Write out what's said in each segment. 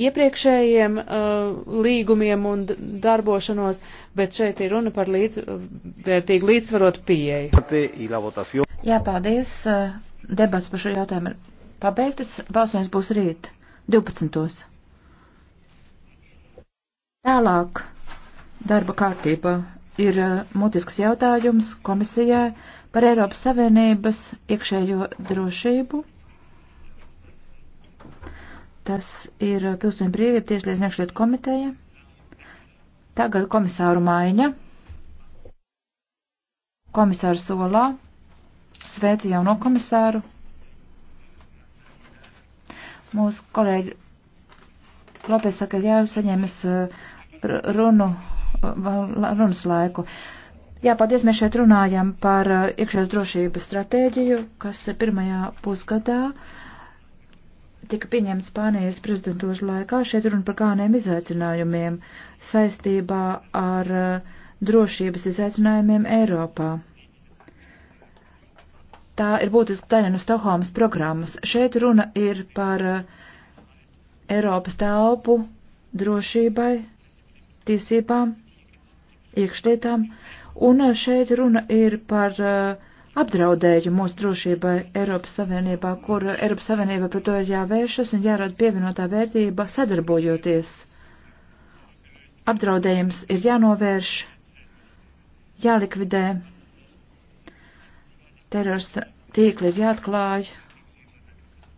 iepriekšējiem uh, līgumiem un darbošanos, bet šeit ir runa par līdz, vērtīgu līdzsvarotu pieeju. Jā, paldies. Uh, debats par šo jautājumu ir pabeigtas. Balsojums būs rīt 12. Tālāk darba kārtībā ir uh, mutisks jautājums komisijai par Eiropas Savienības iekšējo drošību. Tas ir pilsoņu brīvība tieslietu nekšļietu komiteja. Tagad komisāru maiņa. Komisāru solā. Sveicu jauno komisāru. Mūsu kolēģi Lopes saka, jā, saņēmis uh, runu, uh, runas laiku. Jā, paldies, mēs šeit runājam par uh, iekšējās drošības stratēģiju, kas pirmajā pusgadā uh, tika pieņemts Spānijas prezidentūras laikā. Šeit runa par kāniem izaicinājumiem saistībā ar uh, drošības izaicinājumiem Eiropā. Tā ir būtiska daļa no Stokholmas programmas. Šeit runa ir par uh, Eiropas telpu drošībai, tiesībām, iekšlietām, un uh, šeit runa ir par uh, apdraudēju mūsu drošībai Eiropas Savienībā, kur Eiropas Savienība pret to ir jāvēršas un jārada pievienotā vērtība sadarbojoties. Apdraudējums ir jānovērš, jālikvidē, terorista tīkli ir jāatklāj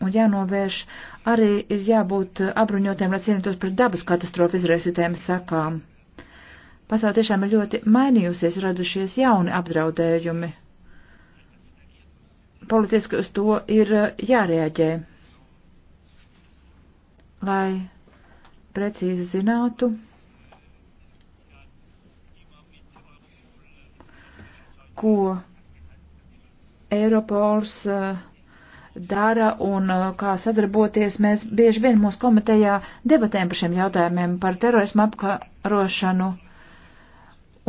un jānovērš, arī ir jābūt apbruņotiem, lai cīnītos pret dabas katastrofu izraisītēm sakām. Pasaulē tiešām ir ļoti mainījusies, radušies jauni apdraudējumi politiski uz to ir eh, jārēģē, lai precīzi zinātu, ko Eiropols eh, dara un eh, kā sadarboties. Mēs bieži vien mūsu komitejā debatēm par šiem jautājumiem, par terorismu apkarošanu.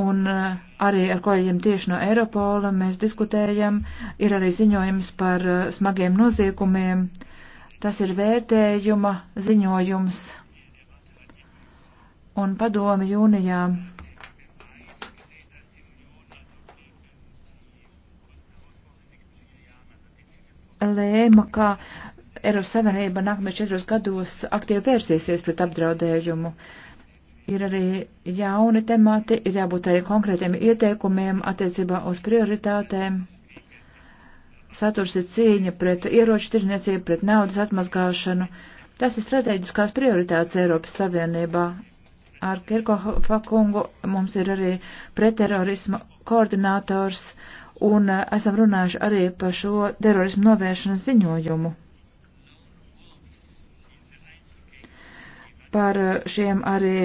Un eh, arī ar kolēģiem tieši no Eiropola mēs diskutējam, ir arī ziņojums par eh, smagiem noziegumiem. Tas ir vērtējuma ziņojums. Un padomi jūnijā lēma, ka Eiropas Savienība nākamajos četros gados aktīvi vērsīsies pret apdraudējumu. Uh, ir arī jauni temati, ir jābūt arī konkrētiem ieteikumiem attiecībā uz prioritātēm. Saturs ir cīņa pret ieroču tirniecību, pret naudas atmazgāšanu. Tas ir strateģiskās prioritātes Eiropas Savienībā. Ar Kirkofa kungu mums ir arī pretterorisma koordinators un esam runājuši arī par šo terorismu novēršanas ziņojumu. par eh, šiem arī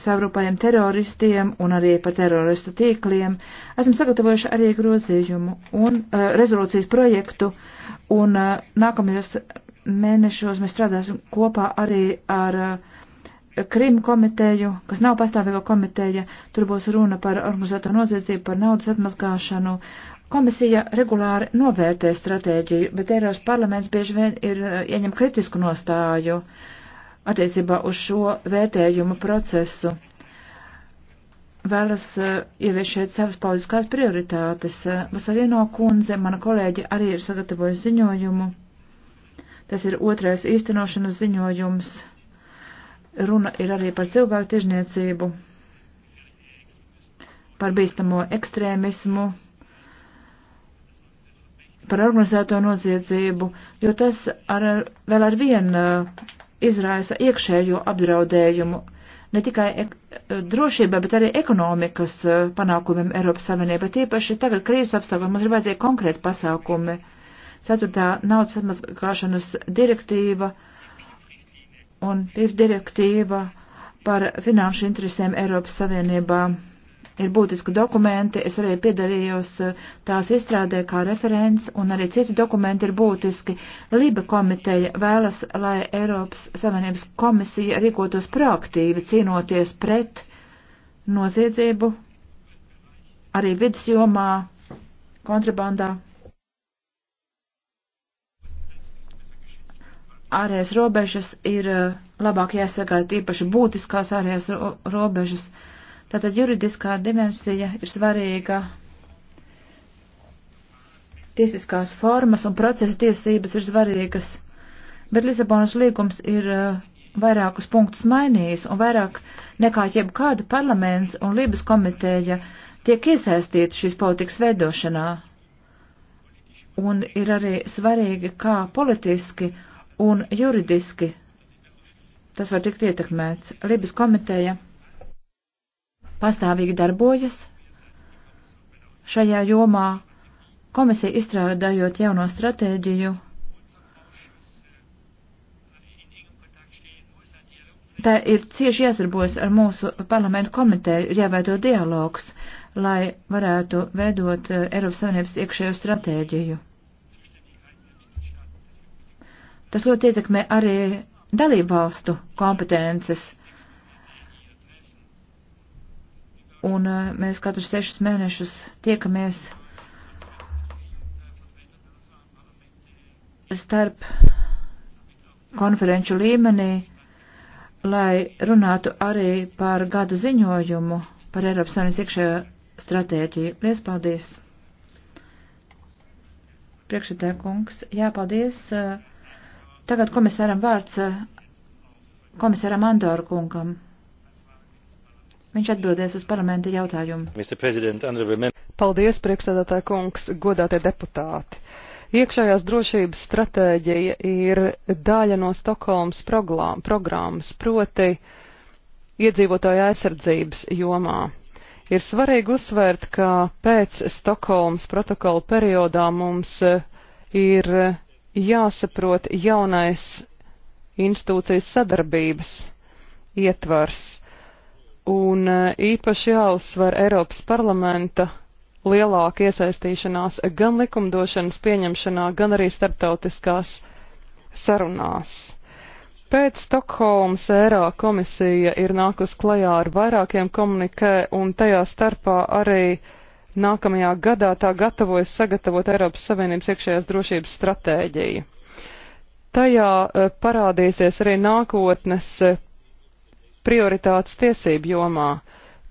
savrupajiem teroristiem un arī par teroristu tīkliem. Esam sagatavojuši arī grozījumu un uh, rezolūcijas projektu, un uh, nākamajos mēnešos mēs strādāsim kopā arī ar uh, Krim komiteju, kas nav pastāvīga komiteja, tur būs runa par organizēto noziedzību, par naudas atmazgāšanu. Komisija regulāri novērtē stratēģiju, bet Eiropas parlaments bieži vien ir uh, ieņem kritisku nostāju. Uh, attiecībā uz šo vērtējumu procesu vēlas eh, ievies šeit savas politiskās prioritātes. Eh, Vasarino kundze, mana kolēģe, arī ir sagatavojusi ziņojumu. Tas ir otrais īstenošanas ziņojums. Runa ir arī par cilvēku tirzniecību, par bīstamo ekstrēmismu, par organizēto noziedzību, jo tas ar, vēl ar vienu eh, izraisa iekšējo apdraudējumu ne tikai eh, drošībai, bet arī ekonomikas eh, panākumiem Eiropas Savienībā. Tīpaši tagad krīzes apstākļos mums ir vajadzīgi konkrēti pasākumi. Ceturtā naudas atmazgāšanas direktīva un PIF direktīva par finanšu interesēm Eiropas Savienībā ir būtiski dokumenti. Es arī piedarījos eh, tās izstrādē kā referents, un arī citi dokumenti ir būtiski. Liba komiteja vēlas, lai Eiropas Savienības komisija rīkotos proaktīvi cīnoties pret noziedzību arī vidas jomā, kontrabandā. ārējās robežas ir eh, labāk jāsagāja tīpaši būtiskās ārējās robežas. Uh, Tātad juridiskā dimensija ir svarīga. Tiesiskās formas un procesa tiesības ir svarīgas, bet Lisabonas līgums ir eh, vairākus punktus mainījis un vairāk nekā jebkāda parlaments un Lības komiteja tiek iesaistīti šīs politikas veidošanā. Un ir arī svarīgi, kā politiski un juridiski tas var tikt ietekmēts. Lības komiteja pastāvīgi darbojas šajā jomā. Komisija izstrādājot jauno stratēģiju, tā ir cieši jāsarbojas ar mūsu parlamentu komiteju, ir jāveido dialogs, lai varētu veidot eh, Eiropas Savienības iekšējo stratēģiju. Tas ļoti ietekmē arī dalībvalstu kompetences un eh, mēs katru sešus mēnešus tiekamies starp konferenču līmenī, lai runātu arī par gada ziņojumu par Eiropas Savienības iekšējo stratēģiju. Lies paldies! Priekšsēdē kungs, jā, paldies. Eh, tagad komisāram vārds eh, komisāram Andoru kungam. Viņš atbildēs uz parlamenta jautājumu. Paldies, priekšsēdētāja kungs, godātie deputāti! Iekšējās drošības stratēģija ir daļa no Stokholmas programmas, proti iedzīvotāju aizsardzības jomā. Ir svarīgi uzsvērt, ka pēc Stokholmas protokola periodā mums eh, ir jāsaprot jaunais institūcijas sadarbības ietvars un eh, īpaši jāuzsver Eiropas parlamenta lielāka iesaistīšanās gan likumdošanas pieņemšanā, gan arī starptautiskās sarunās. Pēc Stokholmas ērā komisija ir nākus klajā ar vairākiem komunikē, un tajā starpā arī nākamajā gadā tā gatavojas sagatavot Eiropas Savienības iekšējās drošības stratēģiju. Tajā eh, parādīsies arī nākotnes eh, prioritātes tiesību jomā.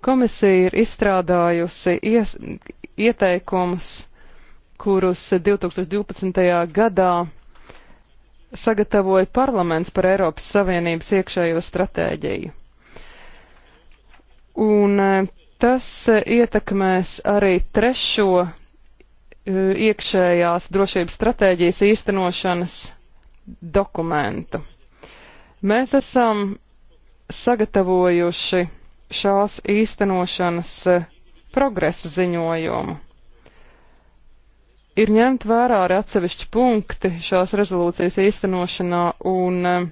Komisija ir izstrādājusi ies, ieteikumus, kurus 2012. gadā sagatavoja parlaments par Eiropas Savienības iekšējo stratēģiju. Un e, tas e, ietekmēs arī trešo e, iekšējās drošības stratēģijas īstenošanas dokumentu. Mēs esam sagatavojuši šās īstenošanas eh, progresa ziņojumu. Ir ņemt vērā arī atsevišķi punkti šās rezolūcijas īstenošanā, un eh,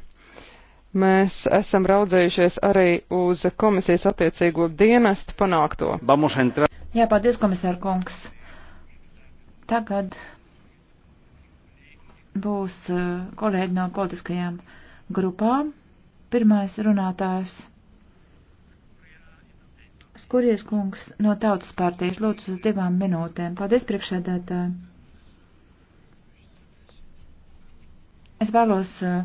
mēs esam raudzējušies arī uz komisijas attiecīgo dienestu panākto. Jā, paldies, komisāra kungs. Tagad būs eh, kolēģi no politiskajām grupām. Pirmais runātājs. Skuries kungs no Tautas partijas lūdzu uz divām minūtēm. Paldies priekšēdētāji. Es vēlos uh,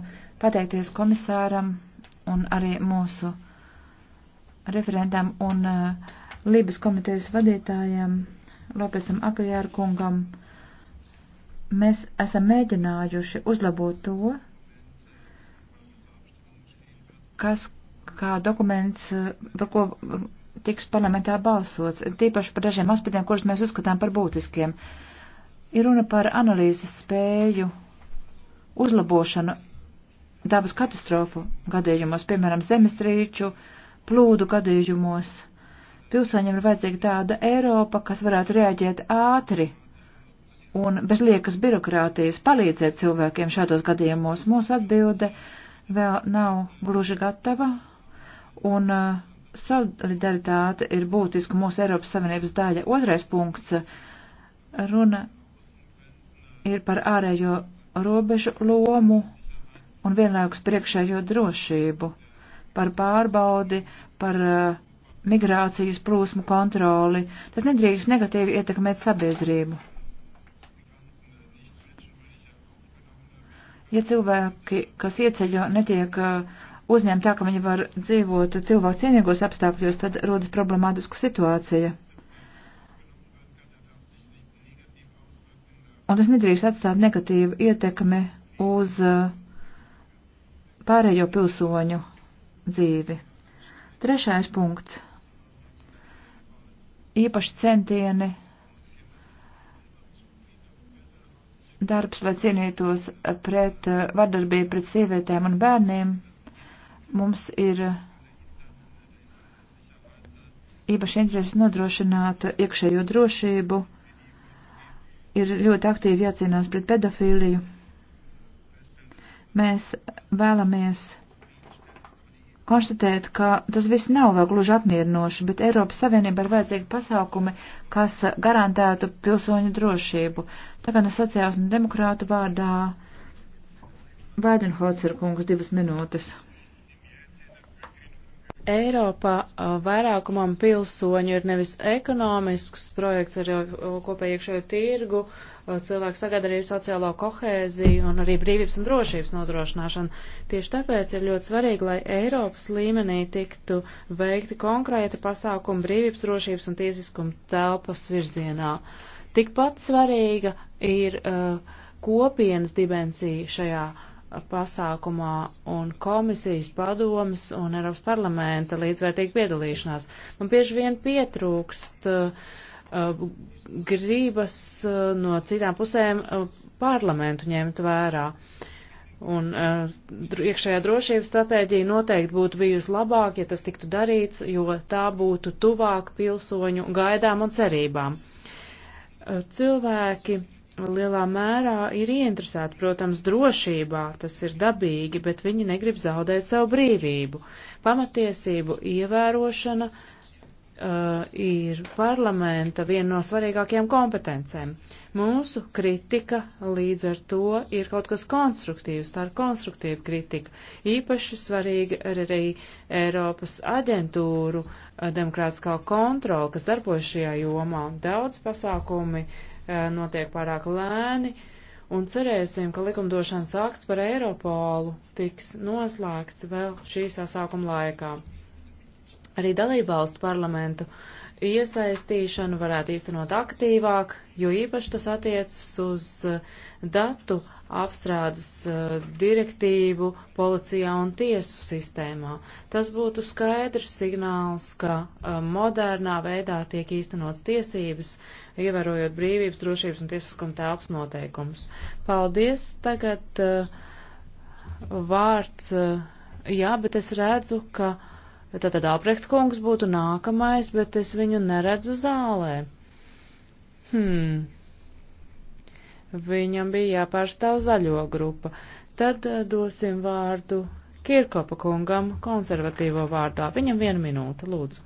pateikties komisāram un arī mūsu referentam un uh, Lībijas komitejas vadītājam Lopesam Akajāru kungam. Mēs esam mēģinājuši uzlabot to, kas kā dokuments, par ko tiks parlamentā balsots, tīpaši par dažiem aspektiem, kurus mēs uzskatām par būtiskiem. Ir runa par analīzes spēju uzlabošanu dabas katastrofu gadījumos, piemēram, zemestrīču, plūdu gadījumos. Pilsoņiem ir vajadzīga tāda Eiropa, kas varētu reaģēt ātri un bez liekas birokrātijas palīdzēt cilvēkiem šādos gadījumos. Mūsu atbilde ir vēl nav gluži gatava, un uh, solidaritāte ir būtiska mūsu Eiropas Savienības daļa. Otrais punkts - runa ir par ārējo robežu lomu un vienlaikus priekšējo drošību, par pārbaudi, par uh, migrācijas plūsmu kontroli. Tas nedrīkst negatīvi ietekmēt sabiedrību. Ja cilvēki, kas ieceļo, netiek uh, uzņemti tā, ka viņi var dzīvot cilvēku cienīgos apstākļos, tad rodas problemātiska situācija. Un tas nedrīkst atstāt negatīvu ietekmi uz uh, pārējo pilsoņu dzīvi. Trešais punkts. Īpaši centieni darbs, lai cienītos pret eh, vardarbību pret sievietēm un bērniem, mums ir īpaši interesi nodrošināt iekšējo drošību, ir ļoti aktīvi jācīnās pret pedofīliju. Mēs vēlamies konstatēt, ka tas viss nav vēl gluži apmierinoši, bet Eiropas Savienība ir vajadzīgi pasākumi, kas garantētu pilsoņu drošību. Tagad no sociālas un demokrātu vārdā Vaidenholzer kungs divas minūtes. Eiropā vairākumam pilsoņu ir nevis ekonomisks projekts ar kopēju iekšējo tirgu, cilvēks sagad arī sociālo kohēziju un arī brīvības un drošības nodrošināšanu. Tieši tāpēc ir ļoti svarīgi, lai Eiropas līmenī tiktu veikti konkrēti pasākumi brīvības, drošības un tiesiskuma telpas virzienā. Tikpat svarīga ir uh, kopienas dimensija šajā pasākumā un komisijas padomas un Eiropas parlamenta līdzvērtīga piedalīšanās. Man bieži vien pietrūkst uh, grības uh, no citām pusēm uh, parlamentu ņemt vērā. Un uh, iekšējā drošības stratēģija noteikti būtu bijusi labāk, ja tas tiktu darīts, jo tā būtu tuvāk pilsoņu gaidām un cerībām. Uh, cilvēki lielā mērā ir ieinteresēti, protams, drošībā, tas ir dabīgi, bet viņi negrib zaudēt savu brīvību. Pamatiesību ievērošana uh, uh, ir parlamenta viena no svarīgākajām kompetencēm. Mūsu kritika līdz ar to ir kaut kas konstruktīvs, tā ir konstruktīva kritika. Īpaši svarīga ir arī Eiropas aģentūru uh, demokrātiskā kontrola, kas darbojas šajā jomā. Daudz pasākumi uh, notiek pārāk lēni. Un cerēsim, ka likumdošanas akts par Eiropolu tiks noslēgts vēl šī sasākuma laikā. Arī dalībvalstu parlamentu iesaistīšanu varētu īstenot aktīvāk, jo īpaši tas attiecas uz uh, datu apstrādes uh, direktīvu policijā un tiesu sistēmā. Tas būtu skaidrs signāls, ka uh, modernā veidā tiek īstenots tiesības, ievērojot brīvības, drošības un tiesiskuma telpas noteikumus. Paldies! Tagad vārds. Jā, bet es redzu, ka Tātad Albrecht kungs būtu nākamais, bet es viņu neredzu zālē. Hmm. Viņam bija jāpārstāv zaļo grupa. Tad eh, dosim vārdu Kirkopa kungam konservatīvo vārdā. Viņam viena minūte, lūdzu.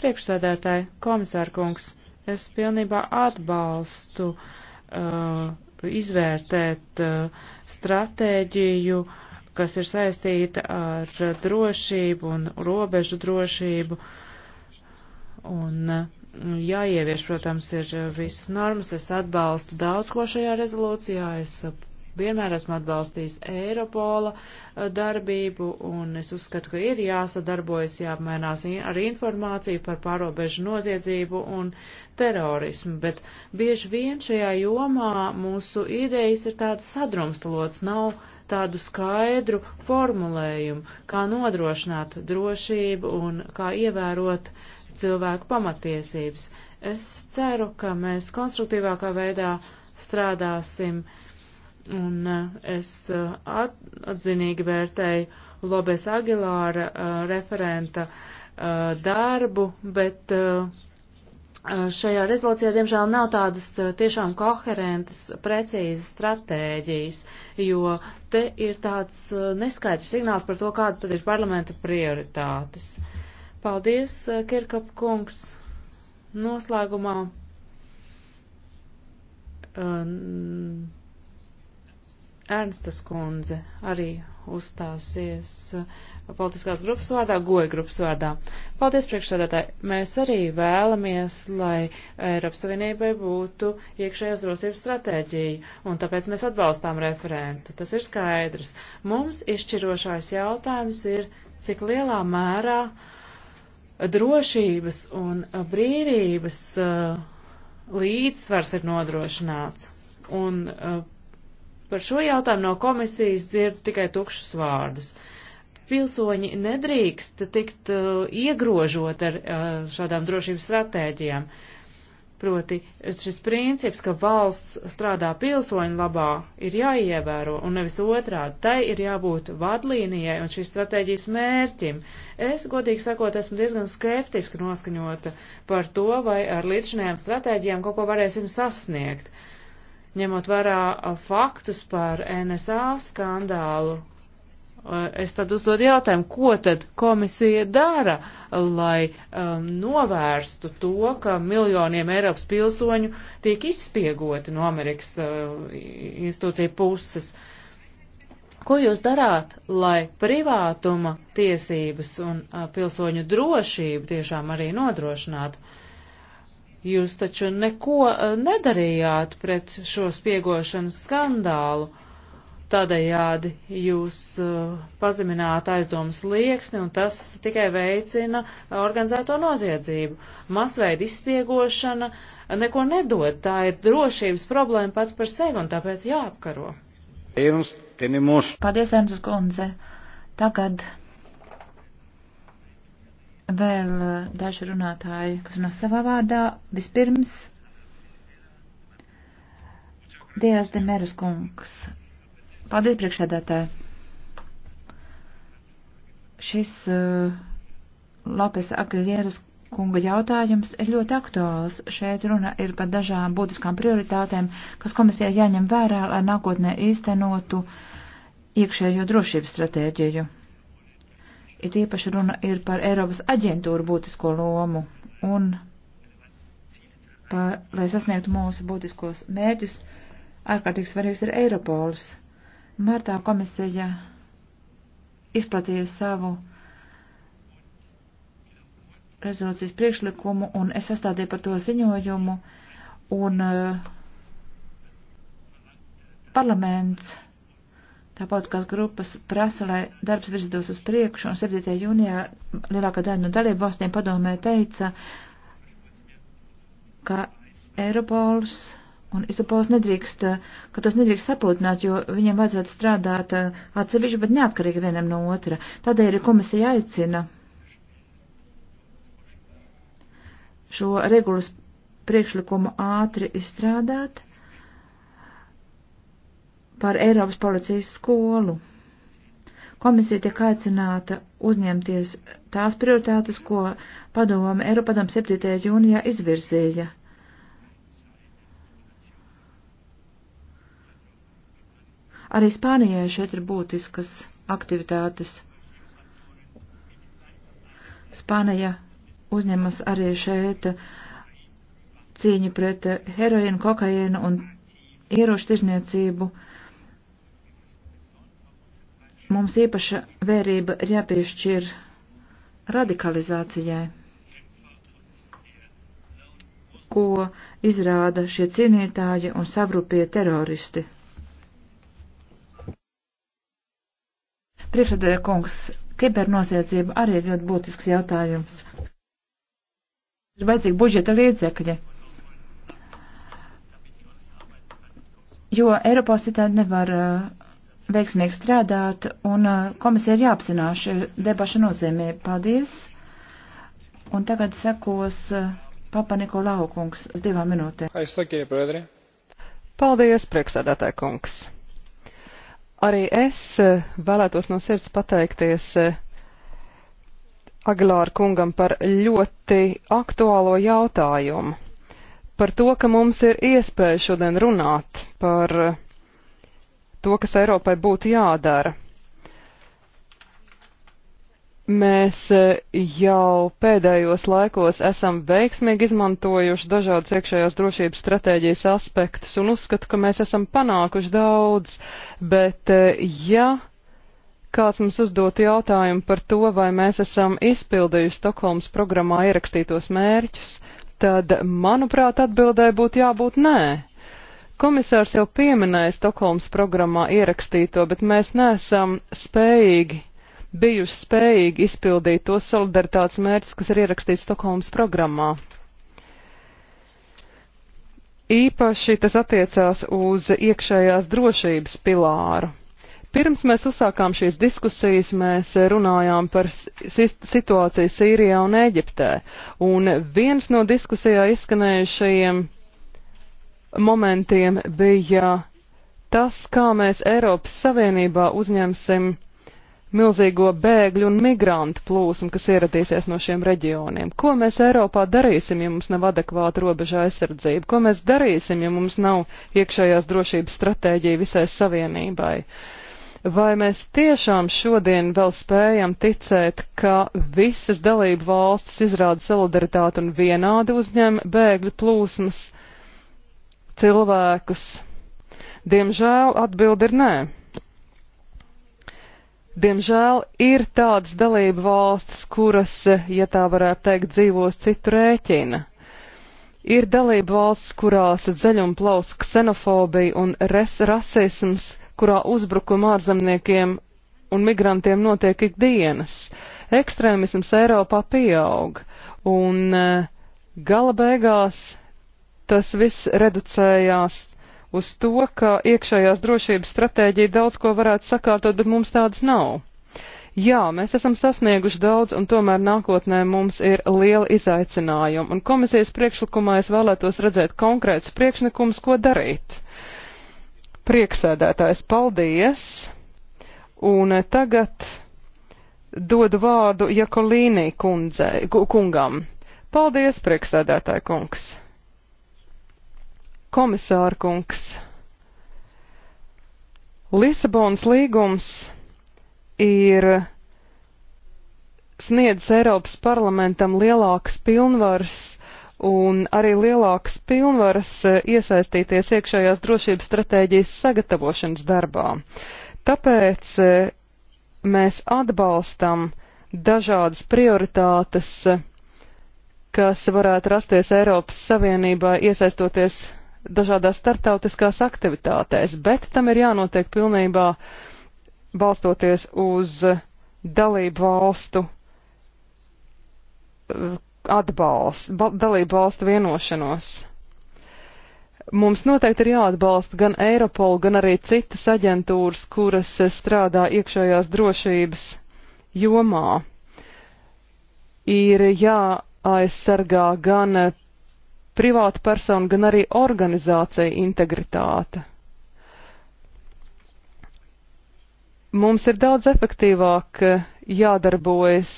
Priekšsēdētāji, komisāra kungs, es pilnībā atbalstu uh, izvērtēt uh, stratēģiju uh, kas ir saistīta ar drošību un robežu drošību. Un mm, jāievieš, protams, ir visas normas. Es atbalstu daudz ko šajā rezolūcijā. Es uh, vienmēr esmu atbalstījis Eiropola uh, darbību, un es uzskatu, ka ir jāsadarbojas, jāapmainās ar informāciju par pārobežu noziedzību un terorismu, bet bieži vien šajā jomā mūsu idejas ir tādas sadrumstalotas, nav tādu skaidru formulējumu, kā nodrošināt drošību un kā ievērot cilvēku pamatiesības. Es ceru, ka mēs konstruktīvākā veidā strādāsim, un uh, es uh, atzinīgi vērtēju Lobes Agilāra uh, referenta darbu, bet uh, šajā rezolūcijā, diemžēl, nav tādas tiešām koherentas, precīzas stratēģijas, jo te ir tāds neskaidrs signāls par to, kādas tad ir parlamenta prioritātes. Paldies, Kirkap kungs. Noslēgumā. Um, Ernstas kundze arī uzstāsies uh, politiskās grupas vārdā, goja grupas vārdā. Paldies priekšsādātāji. Mēs arī vēlamies, lai Eiropas Savienībai būtu iekšējās drošības stratēģija, un tāpēc mēs atbalstām referentu. Tas ir skaidrs. Mums izšķirošais jautājums ir, cik lielā mērā drošības un brīvības uh, līdzsvars ir nodrošināts. Un, uh, Par šo jautājumu no komisijas dzirdu tikai tukšus vārdus. Pilsoņi nedrīkst tikt uh, iegrožot ar uh, šādām drošības stratēģijām. Proti šis princips, ka valsts strādā pilsoņu labā, ir jāievēro un nevis otrādi. Tai ir jābūt vadlīnijai un šīs stratēģijas mērķim. Es, godīgi sakot, esmu diezgan skeptiski noskaņota par to, vai ar līdzinējām stratēģijām kaut ko varēsim sasniegt. Uh, ņemot vērā faktus par NSA skandālu, es tad uzdodu jautājumu, ko tad komisija dara, lai um, novērstu to, ka miljoniem Eiropas pilsoņu tiek izspiegoti no Amerikas uh, institūcija puses. Ko jūs darāt, lai privātuma tiesības un uh, pilsoņu drošību tiešām arī nodrošinātu? Jūs taču neko e, nedarījāt pret šo spiegošanas skandālu. Tādējādi jūs e, pazemināt aizdomas lieksni, un tas tikai veicina organizēto noziedzību. Masveida izspiegošana neko nedod, tā ir drošības problēma pats par sevi, un tāpēc jāapkaro. Paldies, Ernsts Kundze. Tagad vēl eh, daži runātāji, kas runā savā vārdā. Vispirms, Dievs Demeras kungs. Paldies, priekšsēdētāji. Šis uh, Lopes Agrilieras kunga jautājums ir ļoti aktuāls. Šeit runa ir par dažām būtiskām prioritātēm, kas komisijai jāņem vērā, lai nākotnē īstenotu iekšējo drošības stratēģiju. It īpaši runa ir par Eiropas aģentūru būtisko lomu un, par, lai sasniegtu mūsu būtiskos mērķus, ārkārtīgi svarīgs ir Eiropols. Martā komisija izplatīja savu rezolūcijas priekšlikumu, un es sastādīju par to ziņojumu, un uh, parlaments Tāpatiskās grupas prasa, lai darbs virzītos uz priekšu, un 7. jūnijā lielākā daļa no dalību valstīm padomē teica, ka Eiropols un Isopols nedrīkst, ka tos nedrīkst saplūtināt, jo viņiem vajadzētu strādāt eh, atsevišķi, bet neatkarīgi vienam no otra. Tādēļ ir komisija aicina šo regulas priekšlikumu ātri izstrādāt par Eiropas policijas skolu. Komisija tiek aicināta uzņemties tās prioritātes, ko padome Eiropadam 7. jūnijā izvirzīja. Arī Spānijai šeit ir būtiskas aktivitātes. Spānija uzņemas arī šeit cīņu pret heroīnu, kokainu un ierošu tirzniecību. Uh, Mums īpaša vērība ir jāpiešķir radikalizācijai, ko izrāda šie cīnītāji un savrupie teroristi. Priekšsēdētāja kungs, kibernoziedzība arī ir ļoti būtisks jautājums. Ir vajadzīgi budžeta līdzekļi, jo Eiropā citādi nevar uh, veiksmīgi strādāt, un uh, komisija ir jāapzinās šī debaša nozīmē. Paldies! Un tagad sekos uh, Papa Nikolau kungs uz divām minūtēm. Aizsakie, prēdri! Paldies, prieksēdētāji kungs! Arī es uh, vēlētos no sirds pateikties Agilāra kungam par ļoti aktuālo jautājumu. Par to, ka mums ir iespēja šodien runāt par to, kas Eiropai būtu jādara. Mēs e, jau pēdējos laikos esam veiksmīgi izmantojuši dažādas iekšējās drošības stratēģijas aspektus un uzskatu, ka mēs esam panākuši daudz, bet e, ja kāds mums uzdot jautājumu par to, vai mēs esam izpildījuši Stokholmas programmā ierakstītos mērķus, tad, manuprāt, atbildē būtu jābūt nē. Komisārs jau pieminēja Stokholmas programmā ierakstīto, bet mēs neesam spējīgi, bijuši spējīgi izpildīt tos solidaritātes mērķus, kas ir ierakstīts Stokholmas programmā. Īpaši tas attiecās uz iekšējās drošības pilāru. Pirms mēs uzsākām šīs diskusijas, mēs runājām par situāciju Sīrijā un Eģiptē, un viens no diskusijā izskanējušajiem momentiem bija tas, kā mēs Eiropas Savienībā uzņemsim milzīgo bēgļu un migrantu plūsmu, kas ieradīsies no šiem reģioniem. Ko mēs Eiropā darīsim, ja mums nav adekvāta robeža aizsardzība? Ko mēs darīsim, ja mums nav iekšējās drošības stratēģija visai savienībai? Vai mēs tiešām šodien vēl spējam ticēt, ka visas dalību valstis izrāda solidaritāti un vienādi uzņem bēgļu plūsmas? Uh, cilvēkus? Diemžēl atbildi ir nē. Diemžēl ir tādas dalība valstis, kuras, ja tā varētu teikt, dzīvos citu rēķina. Ir dalība valsts, kurās dzeļuma plaus ksenofobija un res rasisms, kurā uzbrukuma ārzemniekiem un migrantiem notiek ikdienas. Ekstrēmisms Eiropā pieaug, un eh, gala beigās tas viss reducējās uz to, ka iekšējās drošības stratēģija daudz ko varētu sakārtot, bet mums tādas nav. Jā, mēs esam sasnieguši daudz, un tomēr nākotnē mums ir liela izaicinājuma, un komisijas priekšlikumā es vēlētos redzēt konkrētus priekšnikumus, ko darīt. Prieksēdētājs, paldies! Un tagad dodu vārdu Jakolīnī kundzei, kungam. Paldies, prieksēdētāji kungs! Komisārkungs, Lisabonas līgums ir sniedz Eiropas parlamentam lielākas pilnvaras un arī lielākas pilnvaras eh, iesaistīties iekšējās drošības stratēģijas sagatavošanas darbā. Tāpēc eh, mēs atbalstam dažādas prioritātes, eh, kas varētu rasties Eiropas Savienībā iesaistoties dažādās startautiskās aktivitātēs, bet tam ir jānotiek pilnībā balstoties uz dalību valstu eh, atbalstu, dalību valstu vienošanos. Mums noteikti ir jāatbalsta gan Eiropola, gan arī citas aģentūras, kuras strādā iekšējās drošības jomā. Ir jāaizsargā gan privāta persona, gan arī organizācija integritāte. Mums ir daudz efektīvāk jādarbojas,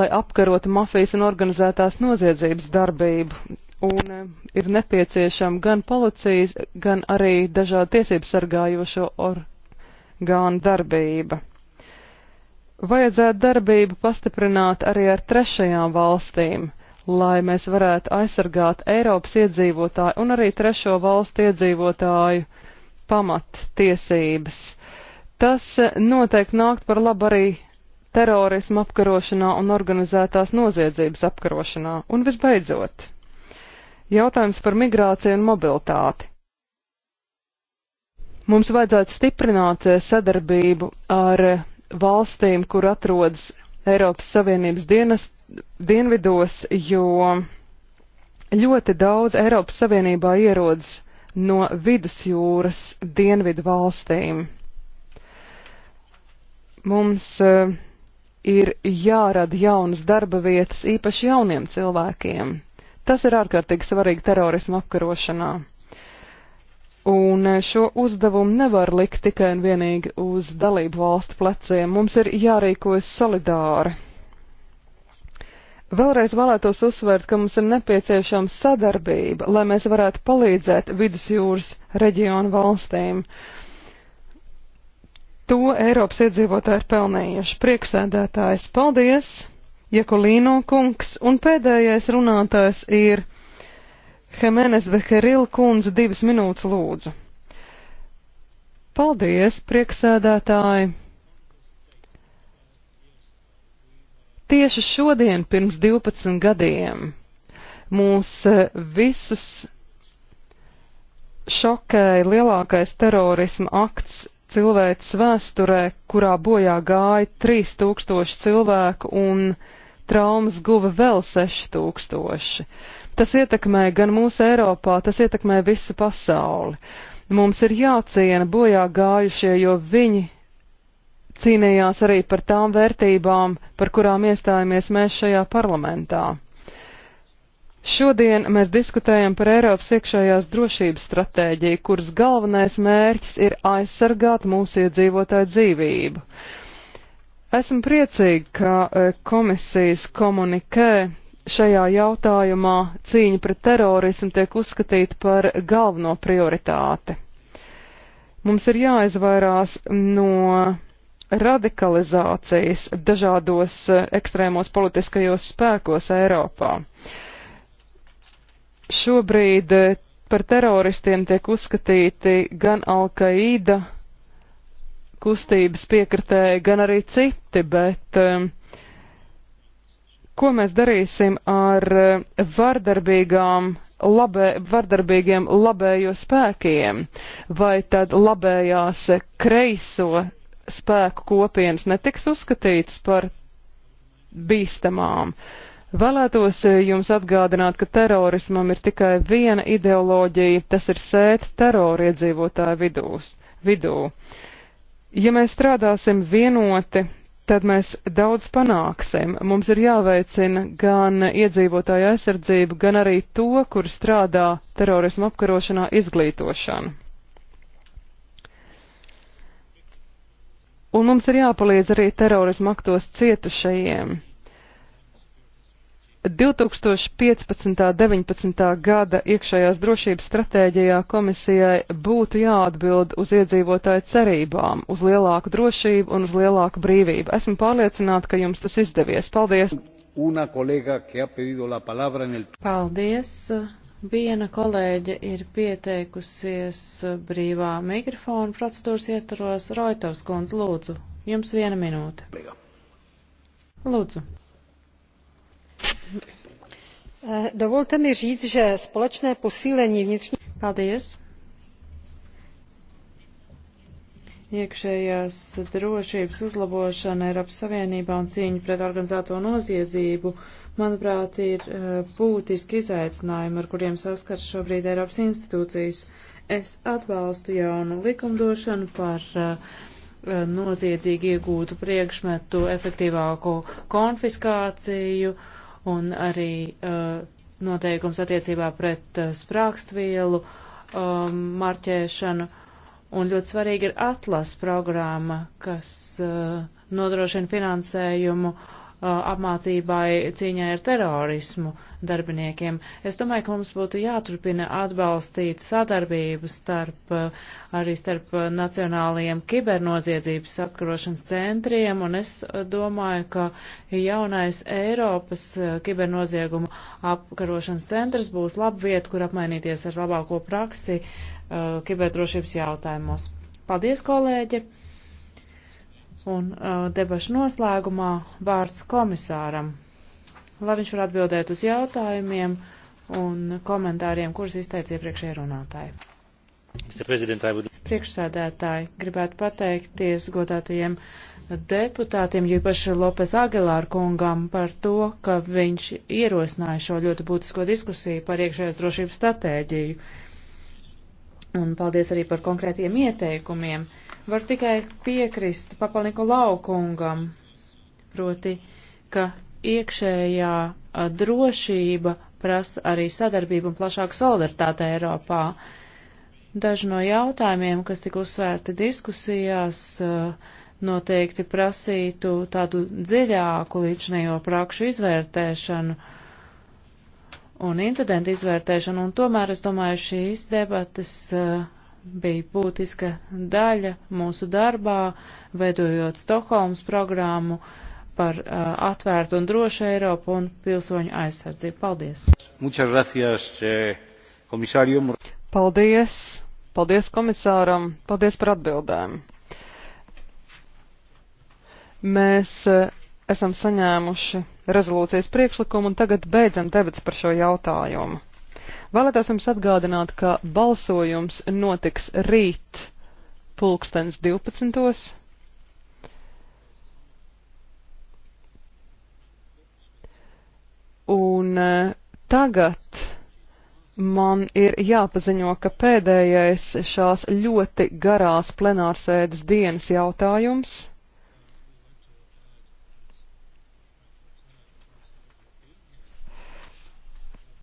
lai apkarotu mafijas un organizētās noziedzības darbību, un ir nepieciešama gan policijas, gan arī dažādu tiesību sargājošo orgānu darbība vajadzētu darbību pastiprināt arī ar trešajām valstīm, lai mēs varētu aizsargāt Eiropas iedzīvotāju un arī trešo valstu iedzīvotāju pamattiesības. Tas noteikti nākt par labu arī terorismu apkarošanā un organizētās noziedzības apkarošanā. Un visbeidzot, jautājums par migrāciju un mobilitāti. Mums vajadzētu stiprināt eh, sadarbību ar valstīm, kur atrodas Eiropas Savienības dienas, dienvidos, jo ļoti daudz Eiropas Savienībā ierodas no vidusjūras dienvidu valstīm. Mums uh, ir jārada jaunas darba vietas īpaši jauniem cilvēkiem. Tas ir ārkārtīgi svarīgi terorismu apkarošanā. Un eh, šo uzdevumu nevar likt tikai un vienīgi uz dalību valstu pleciem. Mums ir jārīkojas solidāri. Vēlreiz vēlētos uzsvērt, ka mums ir nepieciešama sadarbība, lai mēs varētu palīdzēt vidusjūras reģionu valstīm. To Eiropas iedzīvotāji ir pelnījuši. Prieksēdētājs, paldies! Jekolīno kungs un pēdējais runātājs ir. Hemenes Beheril kundze divas minūtes lūdzu. Paldies, prieksēdētāji! Tieši šodien pirms 12 gadiem mūs eh, visus šokēja lielākais terorisma akts cilvēces vēsturē, kurā bojā gāja 3000 cilvēku un traumas guva vēl 6000. Tas ietekmē gan mūsu Eiropā, tas ietekmē visu pasauli. Mums ir jāciena bojā gājušie, jo viņi cīnījās arī par tām vērtībām, par kurām iestājāmies mēs šajā parlamentā. Šodien mēs diskutējam par Eiropas iekšējās drošības stratēģiju, kuras galvenais mērķis ir aizsargāt mūsu iedzīvotāju dzīvību. Esmu priecīga, ka eh, komisijas komunikē šajā jautājumā cīņa pret terorismu tiek uzskatīta par galveno prioritāti. Mums ir jāizvairās no radikalizācijas dažādos eh, ekstrēmos politiskajos spēkos Eiropā. Šobrīd eh, par teroristiem tiek uzskatīti gan Al-Qaida kustības piekritēji, gan arī citi, bet um, ko mēs darīsim ar eh, vardarbīgām, labē, vardarbīgiem labējo spēkiem, vai tad labējās kreiso spēku kopienas netiks uzskatīts par bīstamām. Vēlētos eh, jums atgādināt, ka terorismam ir tikai viena ideoloģija, tas ir sēt teroru iedzīvotāju vidūs, vidū. Ja mēs strādāsim vienoti, tad mēs daudz panāksim. Mums ir jāveicina gan iedzīvotāju aizsardzību, gan arī to, kur strādā terorismu apkarošanā izglītošana. Un mums ir jāpalīdz arī terorismu aktos cietušajiem. 2015. un 19. gada iekšējās drošības stratēģijā komisijai būtu jāatbild uz iedzīvotāju cerībām, uz lielāku drošību un uz lielāku brīvību. Esmu pārliecināta, ka jums tas izdevies. Paldies! Kolega, el... Paldies! Viena kolēģe ir pieteikusies brīvā mikrofona procedūras ietvaros. Roitovs kundze, lūdzu, jums viena minūte. Lūdzu. Eh, dovolte mi říct že společné posílení vnitřního Paldies. Iekšējās drošības uzlabošana Eiropas Savienībā un cīņa pret organizēto noziedzību, manuprāt, ir eh, būtiski izaicinājumi, ar kuriem saskars šobrīd Eiropas institūcijas. Es atbalstu jaunu likumdošanu par uh, noziedzīgi iegūtu priekšmetu efektīvāku konfiskāciju un arī uh, noteikums attiecībā pret uh, sprākstvielu um, marķēšanu. Un ļoti svarīgi ir atlas programma, kas uh, nodrošina finansējumu uh, Uh, apmācībai cīņai ar terorismu darbiniekiem. Es domāju, ka mums būtu jāturpina atbalstīt sadarbību starp, uh, arī starp nacionālajiem kibernoziedzības apkarošanas centriem, un es uh, domāju, ka jaunais Eiropas kibernozieguma apkarošanas centrs būs laba vieta, kur apmainīties ar labāko praksi kiberdrošības jautājumos. Paldies, kolēģi! Un uh, debašu noslēgumā vārds komisāram, lai viņš var atbildēt uz jautājumiem un komentāriem, kurus izteica iepriekšējie runātāji. Would... Priekšsēdētāji, gribētu pateikties godātajiem deputātiem, jo īpaši Lopes Agilāru kungam par to, ka viņš ierosināja šo ļoti būtisko diskusiju par iekšējās drošības stratēģiju. Un paldies arī par konkrētiem ieteikumiem. Uh, Var tikai piekrist papalniku laukungam, proti, ka iekšējā drošība prasa arī sadarbību un plašāku solidaritāti Eiropā. Daži no jautājumiem, kas tika uzsvērti diskusijās, noteikti prasītu tādu dziļāku līdzinējo prakšu izvērtēšanu un incidentu izvērtēšanu, un tomēr es domāju, šīs debatas bija būtiska daļa mūsu darbā, veidojot Stokholmas programmu par uh, atvērtu un drošu Eiropu un pilsoņu aizsardzību. Paldies! Gracias, eh, Paldies! Paldies komisāram! Paldies par atbildēm! Mēs uh, esam saņēmuši rezolūcijas priekšlikumu un tagad beidzam debats par šo jautājumu. Vēlētos jums atgādināt, ka balsojums notiks rīt pulkstens 12. Un e, tagad man ir jāpaziņo, ka pēdējais šās ļoti garās plenārsēdes dienas jautājums